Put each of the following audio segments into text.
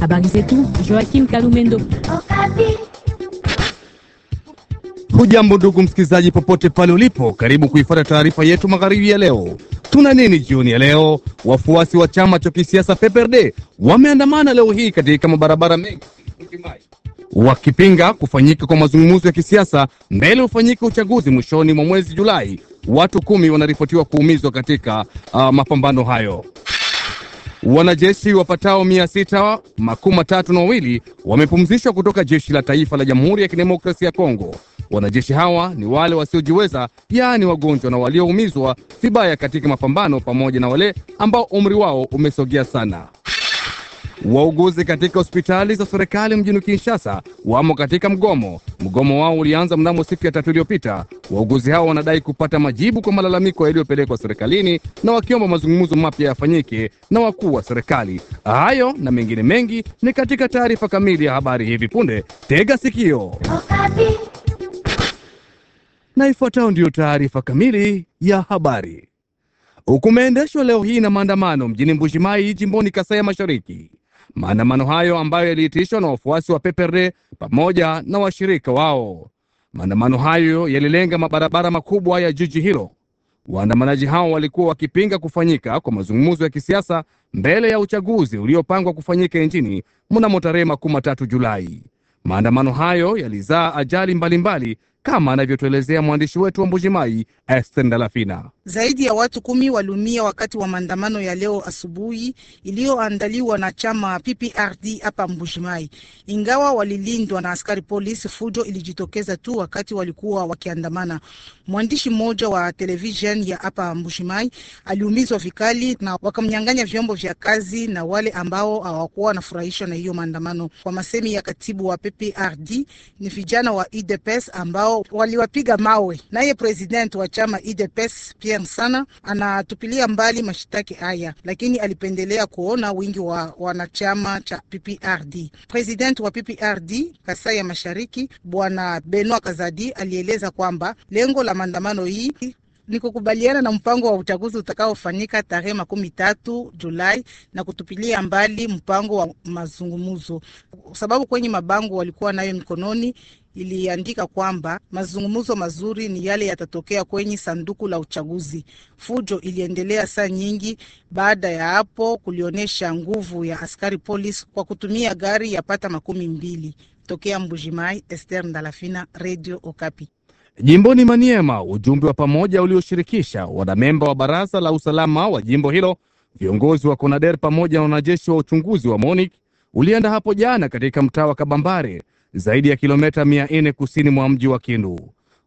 Habari zetu, Joachim Kalumendo. Hujambo ndugu msikilizaji, popote pale ulipo, karibu kuifuata taarifa yetu magharibi ya leo. Tuna nini jioni ya leo? Wafuasi wa chama cha kisiasa PPRD wameandamana leo hii katika mabarabara mengi wakipinga kufanyika kwa mazungumzo ya kisiasa mbele ufanyike uchaguzi mwishoni mwa mwezi Julai. Watu kumi wanaripotiwa kuumizwa katika uh, mapambano hayo. Wanajeshi wapatao mia sita makumi matatu na wawili wamepumzishwa kutoka jeshi la taifa la Jamhuri ya Kidemokrasia ya Kongo. Wanajeshi hawa ni wale wasiojiweza, yaani wagonjwa na walioumizwa vibaya katika mapambano, pamoja na wale ambao umri wao umesogea sana. Wauguzi katika hospitali za serikali mjini Kinshasa wamo katika mgomo. Mgomo wao ulianza mnamo siku ya tatu iliyopita. Wauguzi hao wanadai kupata majibu kwa malalamiko yaliyopelekwa serikalini na wakiomba mazungumzo mapya yafanyike na wakuu wa serikali. Hayo na mengine mengi ni katika taarifa kamili ya habari hivi punde. Tega sikio na ifuatayo ndiyo taarifa kamili ya habari. Kumeendeshwa leo hii na maandamano mjini mbujimai jimboni Kasai ya Mashariki. Maandamano hayo ambayo yaliitishwa na wafuasi wa PPRD pamoja na washirika wao. Maandamano hayo yalilenga mabarabara makubwa ya jiji hilo. Waandamanaji hao walikuwa wakipinga kufanyika kwa mazungumzo ya kisiasa mbele ya uchaguzi uliopangwa kufanyika nchini mnamo tarehe makumi matatu Julai. Maandamano hayo yalizaa ajali mbalimbali mbali, kama anavyotuelezea mwandishi wetu wa Mbujimai Esten Dalafina. Zaidi ya watu kumi waliumia wakati wa maandamano ya leo asubuhi iliyoandaliwa na chama PPRD hapa Mbujimai. Ingawa walilindwa na askari polisi, fujo ilijitokeza tu wakati walikuwa wakiandamana. Mwandishi mmoja wa televishen ya hapa Mbujimai aliumizwa vikali na wakamnyang'anya vyombo vya kazi na wale ambao hawakuwa wanafurahishwa na hiyo maandamano. Kwa masemi ya katibu wa PPRD, ni vijana wa UDPS ambao waliwapiga mawe. Naye president wa chama UDPS Pierre Williams sana anatupilia mbali mashitaki haya, lakini alipendelea kuona wingi wa wanachama cha PPRD. President wa PPRD Kasai ya Mashariki Bwana Benoit Kazadi alieleza kwamba lengo la maandamano hii ni kukubaliana na mpango wa uchaguzi utakaofanyika tarehe makumi tatu Julai na kutupilia mbali mpango wa mazungumzo, sababu kwenye mabango walikuwa nayo mikononi iliandika kwamba mazungumzo mazuri ni yale yatatokea kwenye sanduku la uchaguzi. Fujo iliendelea saa nyingi baada ya hapo, kulionyesha nguvu ya askari polisi kwa kutumia gari ya pata makumi mbili. Tokea Mbujimai, ester Ndalafina, Radio Okapi. Jimboni Maniema, ujumbe wa pamoja ulioshirikisha wanamemba wa baraza la usalama wa jimbo hilo, viongozi wa Konader pamoja na wanajeshi wa uchunguzi wa MONIK ulienda hapo jana katika mtaa wa Kabambare zaidi ya kilomita mia nne kusini mwa mji wa Kindu.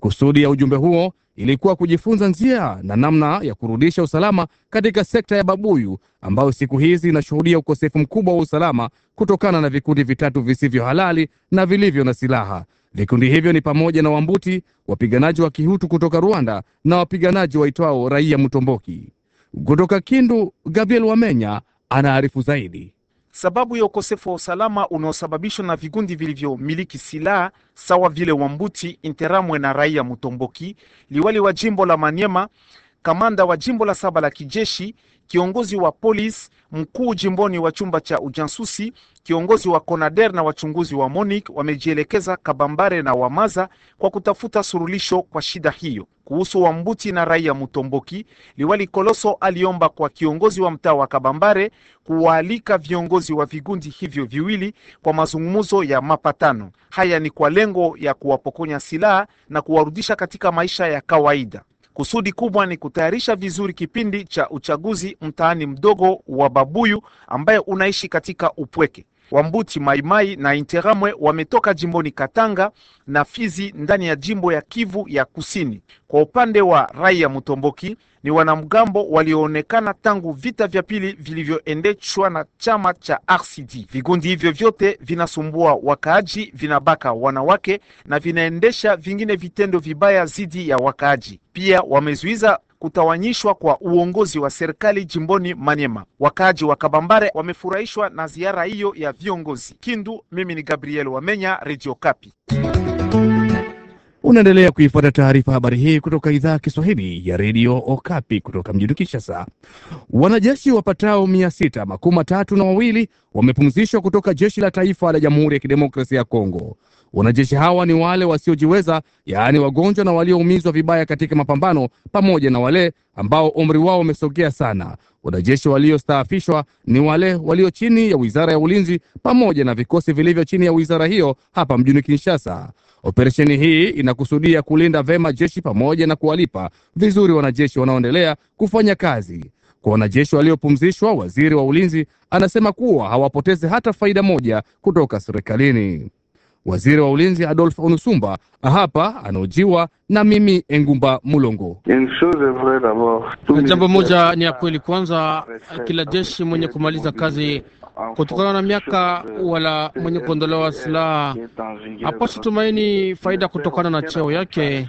Kusudi ya ujumbe huo ilikuwa kujifunza njia na namna ya kurudisha usalama katika sekta ya Babuyu ambayo siku hizi inashuhudia ukosefu mkubwa wa usalama kutokana na vikundi vitatu visivyo halali na vilivyo na silaha. Vikundi hivyo ni pamoja na Wambuti, wapiganaji wa Kihutu kutoka Rwanda na wapiganaji waitwao Raia Mtomboki. Kutoka Kindu, Gabriel Wamenya anaarifu zaidi sababu ya ukosefu wa usalama unaosababishwa na vigundi vilivyomiliki silaha sawa vile Wambuti, Interamwe na raia Mutomboki. Liwali wa jimbo la Manyema kamanda wa jimbo la saba la kijeshi, kiongozi wa polisi mkuu jimboni wa chumba cha ujasusi, kiongozi wa conader na wachunguzi wa Monique wamejielekeza Kabambare na Wamaza kwa kutafuta surulisho kwa shida hiyo. Kuhusu Wambuti na raia Mutomboki, Liwali Koloso aliomba kwa kiongozi wa mtaa wa Kabambare kuwaalika viongozi wa vigundi hivyo viwili kwa mazungumzo ya mapatano. Haya ni kwa lengo ya kuwapokonya silaha na kuwarudisha katika maisha ya kawaida. Kusudi kubwa ni kutayarisha vizuri kipindi cha uchaguzi mtaani mdogo wa Babuyu ambaye unaishi katika upweke. Wambuti, Maimai na Interamwe wametoka jimboni Katanga na Fizi ndani ya jimbo ya Kivu ya Kusini. Kwa upande wa raia Mutomboki, ni wanamgambo walioonekana tangu vita vya pili vilivyoendeshwa na chama cha RCD. Vikundi hivyo vyote vinasumbua wakaaji, vinabaka wanawake na vinaendesha vingine vitendo vibaya dhidi ya wakaaji. Pia wamezuiza kutawanyishwa kwa uongozi wa serikali jimboni Manyema. Wakaaji wa Kabambare wamefurahishwa na ziara hiyo ya viongozi. Kindu, mimi ni Gabriel Wamenya, Radio Kapi. Unaendelea kuifuata taarifa habari hii kutoka idhaa ya Kiswahili ya redio Okapi kutoka mjini Kinshasa. Wanajeshi wapatao mia sita makumi matatu na wawili wamepumzishwa kutoka jeshi la taifa la Jamhuri ya Kidemokrasia ya Kongo. Wanajeshi hawa ni wale wasiojiweza, yaani wagonjwa na walioumizwa vibaya katika mapambano, pamoja na wale ambao umri wao umesogea sana. Wanajeshi waliostaafishwa ni wale walio chini ya wizara ya ulinzi pamoja na vikosi vilivyo chini ya wizara hiyo hapa mjini Kinshasa. Operesheni hii inakusudia kulinda vema jeshi pamoja na kuwalipa vizuri wanajeshi wanaoendelea kufanya kazi. Kwa wanajeshi waliopumzishwa, waziri wa ulinzi anasema kuwa hawapotezi hata faida moja kutoka serikalini. Waziri wa ulinzi Adolf Onusumba hapa anaojiwa na mimi Engumba Mulongo. Jambo moja ni ya kweli, kwanza kila jeshi mwenye kumaliza kazi kutokana na miaka wala mwenye kuondolewa silaha hapaswi tumaini faida kutokana na cheo yake.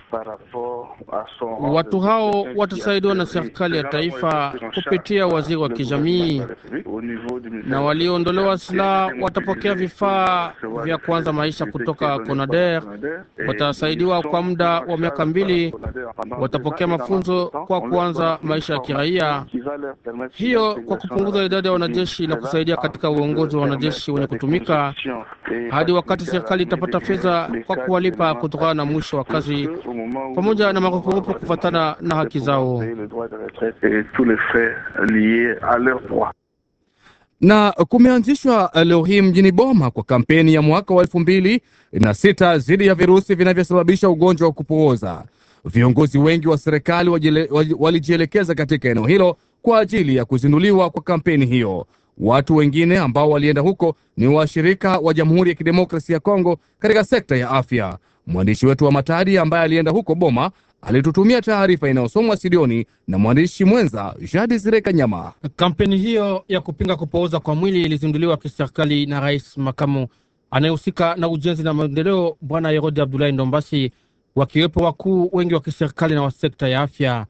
Watu hao watasaidiwa na serikali ya taifa kupitia waziri wa kijamii, na walioondolewa silaha watapokea vifaa vya kuanza maisha kutoka CONADER. Watasaidiwa kwa muda wa miaka mbili, watapokea mafunzo kwa kuanza maisha ya kiraia, hiyo kwa kupunguza idadi ya wanajeshi na kusaidia katika uongozi wa wanajeshi wenye kutumika hadi wakati serikali itapata fedha kwa kuwalipa kutokana na mwisho wa kazi pamoja na huko kufuatana na haki zao na kumeanzishwa leo hii mjini Boma kwa kampeni ya mwaka wa elfu mbili na sita dhidi ya virusi vinavyosababisha ugonjwa wa kupooza. Viongozi wengi wa serikali walijielekeza katika eneo hilo kwa ajili ya kuzinduliwa kwa kampeni hiyo. Watu wengine ambao walienda huko ni washirika wa Jamhuri ya Kidemokrasia ya Kongo katika sekta ya afya. Mwandishi wetu wa Matadi ambaye alienda huko Boma alitutumia taarifa inayosomwa studioni na mwandishi mwenza Jadi Zireka Nyama. Kampeni hiyo ya kupinga kupooza kwa mwili ilizinduliwa kiserikali na rais makamu anayehusika na ujenzi na maendeleo Bwana Herode Abdulahi Ndombasi, wakiwepo wakuu wengi wa kiserikali na wa sekta ya afya.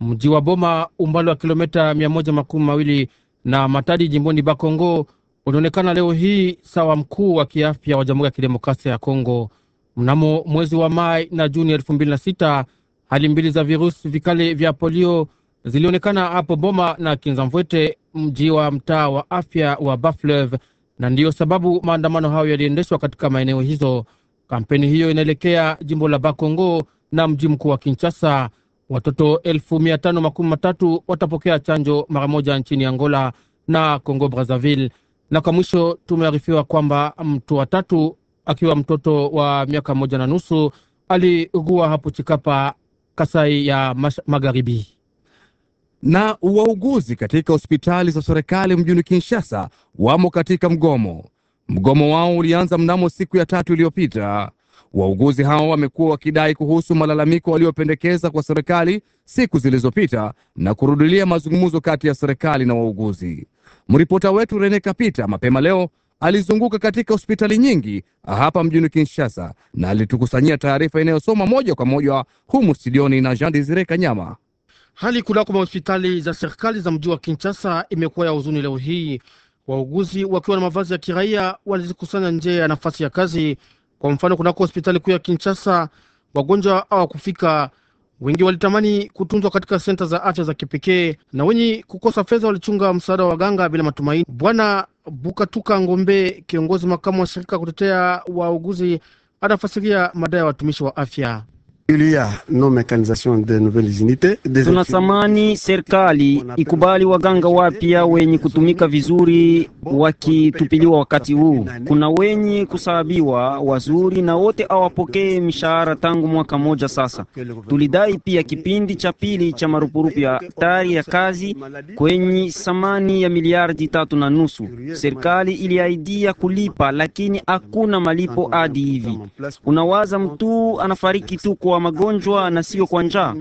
Mji wa Boma, umbali wa kilomita mia moja makumi mawili na Matadi jimboni Bakongo, unaonekana leo hii sawa mkuu wa kiafya wa Jamhuri ya Kidemokrasia ya Kongo. Mnamo mwezi wa Mai na Juni elfu mbili na sita Hali mbili za virusi vikali vya polio zilionekana hapo Boma na Kinzamvwete, mji wa mtaa wa afya wa Baflev, na ndiyo sababu maandamano hayo yaliendeshwa katika maeneo hizo. Kampeni hiyo inaelekea jimbo la Bakongo na mji mkuu wa Kinshasa. Watoto elfu mia tano makumi matatu watapokea chanjo mara moja nchini Angola na Congo Brazzaville. Na kwa mwisho, tumearifiwa kwamba mtu wa tatu akiwa mtoto wa miaka moja na nusu aliugua hapo Chikapa Kasai ya Magharibi. Na wauguzi katika hospitali za serikali mjini Kinshasa wamo katika mgomo. Mgomo wao ulianza mnamo siku ya tatu iliyopita. Wauguzi hao wamekuwa wakidai kuhusu malalamiko waliopendekeza kwa serikali siku zilizopita na kurudilia mazungumzo kati ya serikali na wauguzi. Mripota wetu Rene Kapita mapema leo alizunguka katika hospitali nyingi ah, hapa mjini Kinshasa na alitukusanyia taarifa inayosoma moja kwa moja humu studioni na Jean Desire Kanyama. Hali kunako mahospitali za serikali za mji wa Kinshasa imekuwa ya huzuni leo hii. Wauguzi wakiwa na mavazi ya kiraia walizikusanya nje ya nafasi ya kazi. Kwa mfano, kunako hospitali kuu ya Kinshasa wagonjwa hawakufika. Wengi walitamani kutunzwa katika senta za afya za kipekee, na wenye kukosa fedha walichunga msaada wa waganga bila matumaini. Bwana Bukatuka Ngombe, kiongozi makamu wa shirika kutetea wauguzi, anafasiria madai ya watumishi wa afya. Tunatamani serikali ikubali waganga wapya wenye kutumika vizuri wakitupiliwa wakati huu. Kuna wenye kusababiwa wazuri na wote awapokee mishahara tangu mwaka moja sasa. Tulidai pia kipindi cha pili cha marupurupu ya hatari ya kazi kwenye thamani ya miliardi tatu na nusu. Serikali iliahidia kulipa, lakini hakuna malipo hadi hivi. Unawaza mtu anafariki tu kwa magonjwa na sio kwa njaa.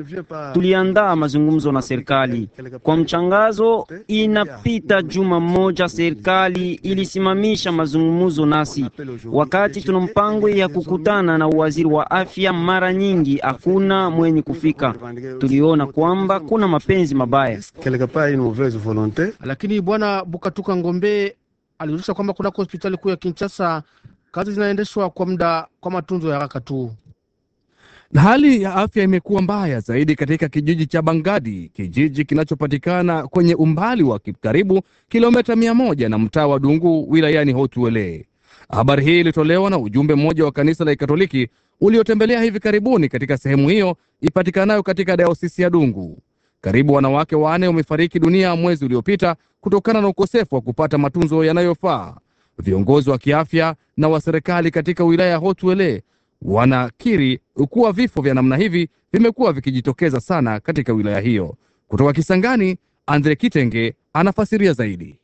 Tuliandaa mazungumzo na serikali. Kwa mchangazo, inapita juma moja, serikali ilisimamisha mazungumzo nasi, wakati tuna mpango ya kukutana na waziri wa afya mara nyingi, hakuna mwenye kufika. Tuliona kwamba kuna mapenzi mabaya, lakini bwana Bukatuka Ngombe alirusha kwamba kunako hospitali kuu ya Kinshasa kazi zinaendeshwa kwa muda kwa matunzo ya haraka tu. Na hali ya afya imekuwa mbaya zaidi katika kijiji cha Bangadi, kijiji kinachopatikana kwenye umbali wa karibu kilomita mia moja na mtaa wa Dungu wilayani Hotuele. Habari hii ilitolewa na ujumbe mmoja wa kanisa la kikatoliki uliotembelea hivi karibuni katika sehemu hiyo ipatikanayo katika dayosisi ya Dungu. Karibu wanawake wanne wamefariki dunia mwezi uliopita kutokana na ukosefu wa kupata matunzo yanayofaa. Viongozi wa kiafya na wa serikali katika wilaya ya Hotuele wanakiri kuwa vifo vya namna hivi vimekuwa vikijitokeza sana katika wilaya hiyo. Kutoka Kisangani, Andre Kitenge anafasiria zaidi.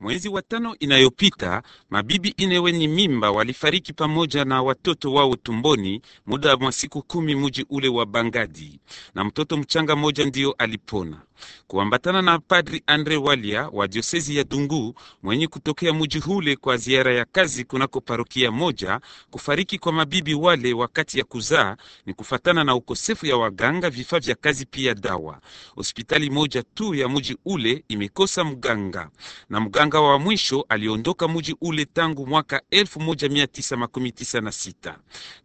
Mwezi wa tano inayopita mabibi ine wenye mimba walifariki pamoja na watoto wao tumboni muda wa siku kumi muji ule wa Bangadi, na mtoto mchanga mmoja ndiyo alipona kuambatana na Padri Andre Walia wa diosezi ya Dungu mwenye kutokea muji hule kwa ziara ya kazi kunako parokia moja. Kufariki kwa mabibi wale wakati ya kuzaa ni kufatana na ukosefu ya waganga, vifaa vya kazi, pia dawa. Hospitali moja tu ya muji ule imekosa mganga na mganga wa mwisho aliondoka muji ule tangu mwaka 1996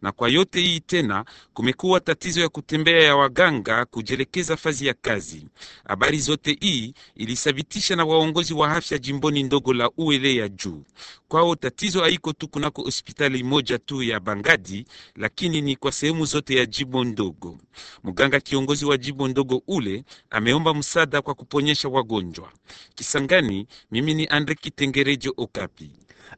na kwa yote hii tena kumekuwa tatizo ya kutembea ya waganga kujielekeza fazi ya kazi. Habari zote hii ilisabitisha na waongozi wa afya jimboni ndogo la Uele ya juu. Kwao tatizo haiko tu kunako hospitali moja tu ya Bangadi, lakini ni kwa sehemu zote ya jimbo ndogo. Mganga kiongozi wa jimbo ndogo ule ameomba msaada kwa kuponyesha wagonjwa. Kisangani, mimi ni Andre Kitengerejo, Okapi.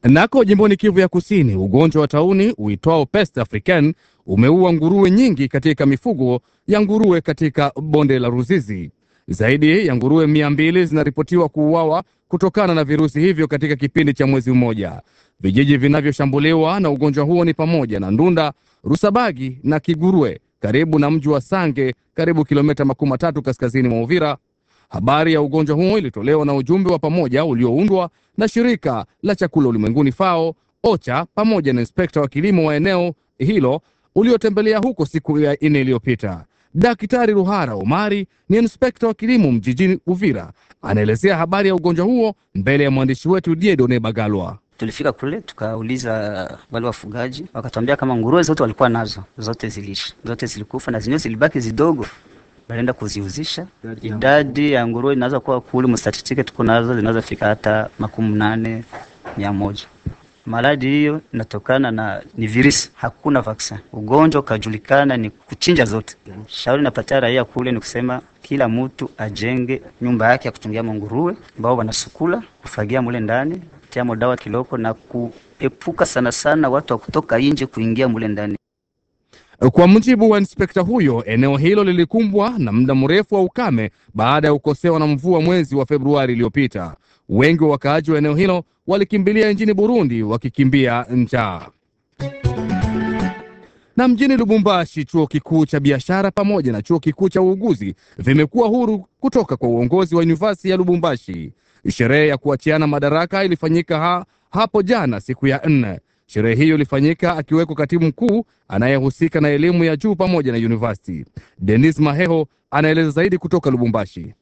Nako jimboni Kivu ya Kusini, ugonjwa wa tauni uitwao peste african umeua nguruwe nyingi katika mifugo ya nguruwe katika bonde la Ruzizi. Zaidi ya nguruwe mia mbili zinaripotiwa kuuawa kutokana na virusi hivyo katika kipindi cha mwezi mmoja. Vijiji vinavyoshambuliwa na ugonjwa huo ni pamoja na Ndunda, Rusabagi na Kigurwe karibu na mji wa Sange, karibu kilomita makumi matatu kaskazini mwa Uvira. Habari ya ugonjwa huo ilitolewa na ujumbe wa pamoja ulioundwa na shirika la chakula ulimwenguni FAO, OCHA pamoja na inspekta wa kilimo wa eneo hilo uliotembelea huko siku ya nne iliyopita. Daktari Ruhara Omari ni inspekta wa kilimo mjijini Uvira, anaelezea habari ya ugonjwa huo mbele ya mwandishi wetu Diedone Bagalwa. Tulifika kule tukauliza wale wafugaji, wakatuambia kama nguruwe zote walikuwa nazo zote ziliisha, zote zilikufa na zenyewe zilibaki zidogo wanaenda kuziuzisha. Idadi ya nguruwe inaweza kuwa kule mstatistike tuko nazo zinaweza fika hata makumi nane mia moja. Maradhi hiyo inatokana na ni virusi, hakuna vaccine. Ugonjwa ukajulikana ni kuchinja zote. Shauri napatia raia kule ni kusema kila mtu ajenge nyumba yake ya kuchungia manguruwe ambao wanasukula, kufagia mule ndani, tiamo dawa kiloko na kuepuka sana sana watu wa kutoka nje kuingia mule ndani. Kwa mujibu wa inspekta huyo, eneo hilo lilikumbwa na muda mrefu wa ukame baada ya kukosewa na mvua mwezi wa Februari iliyopita. Wengi wa wakaaji wa eneo hilo walikimbilia nchini Burundi wakikimbia njaa. Na mjini Lubumbashi, chuo kikuu cha biashara pamoja na chuo kikuu cha uuguzi vimekuwa huru kutoka kwa uongozi wa yunivasiti ya Lubumbashi. Sherehe ya kuachiana madaraka ilifanyika ha, hapo jana siku ya nne. Sherehe hiyo ilifanyika akiwekwa katibu mkuu anayehusika na elimu ya juu pamoja na university. Denis Maheho anaeleza zaidi kutoka Lubumbashi.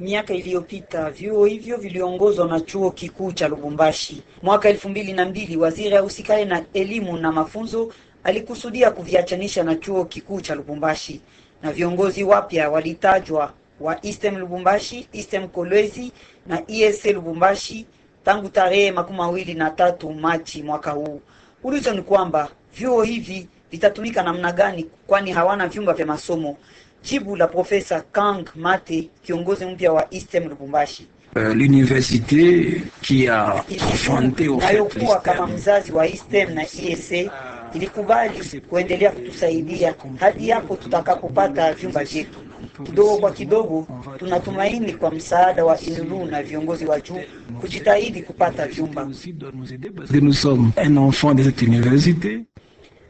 Miaka iliyopita vyuo hivyo viliongozwa na chuo kikuu cha Lubumbashi. Mwaka elfu mbili na mbili waziri ahusikane na elimu na mafunzo alikusudia kuviachanisha na chuo kikuu cha Lubumbashi, na viongozi wapya walitajwa wa ISTEM Lubumbashi, Kolwezi na e Lubumbashi tangu tarehe makumi mawili na tatu Machi mwaka huu. Ulizo ni kwamba vyuo hivi vitatumika namna gani, kwani hawana vyumba vya masomo? Jibu la Profesa Kang Mate, kiongozi mpya wa ISTEM Lubumbashi. Uh, l'université qui a fronté nayokuwa kama mzazi wa ISTEM na ISA e ilikubali kuendelea kutusaidia hadi hapo tutakapopata vyumba vyetu. Kidogo kwa kidogo, tunatumaini kwa msaada wa INLU na viongozi wa juu kujitahidi kupata vyumba.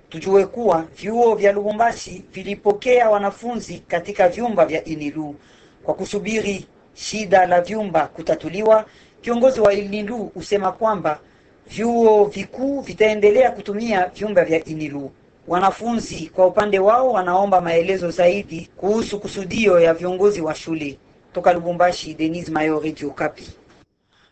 Tujue kuwa vyuo vya Lubumbashi vilipokea wanafunzi katika vyumba vya INLU kwa kusubiri shida la vyumba kutatuliwa. Kiongozi wa INLU husema kwamba vyuo vikuu vitaendelea kutumia vyumba vya INLU. Wanafunzi kwa upande wao wanaomba maelezo zaidi kuhusu kusudio ya viongozi wa shule. Toka Lubumbashi, Denis Mayo, Radio Okapi.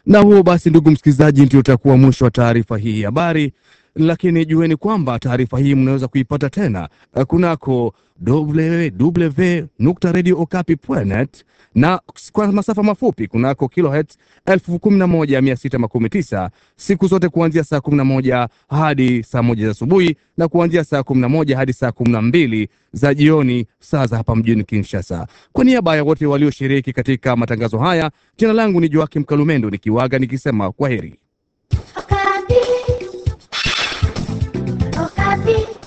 Na huo basi, ndugu msikilizaji, ndio utakuwa mwisho wa taarifa hii habari lakini jueni kwamba taarifa hii mnaweza kuipata tena kunako www.radiookapi.net na kwa masafa mafupi kunako kilohertz 11619 siku zote kuanzia saa 11 hadi saa moja za asubuhi na kuanzia saa 11 hadi saa 12 za jioni saa za hapa mjini Kinshasa. Kwa niaba ya wote walioshiriki katika matangazo haya, jina langu ni Joakim Kalumendo nikiwaga nikisema kwa heri. Beep.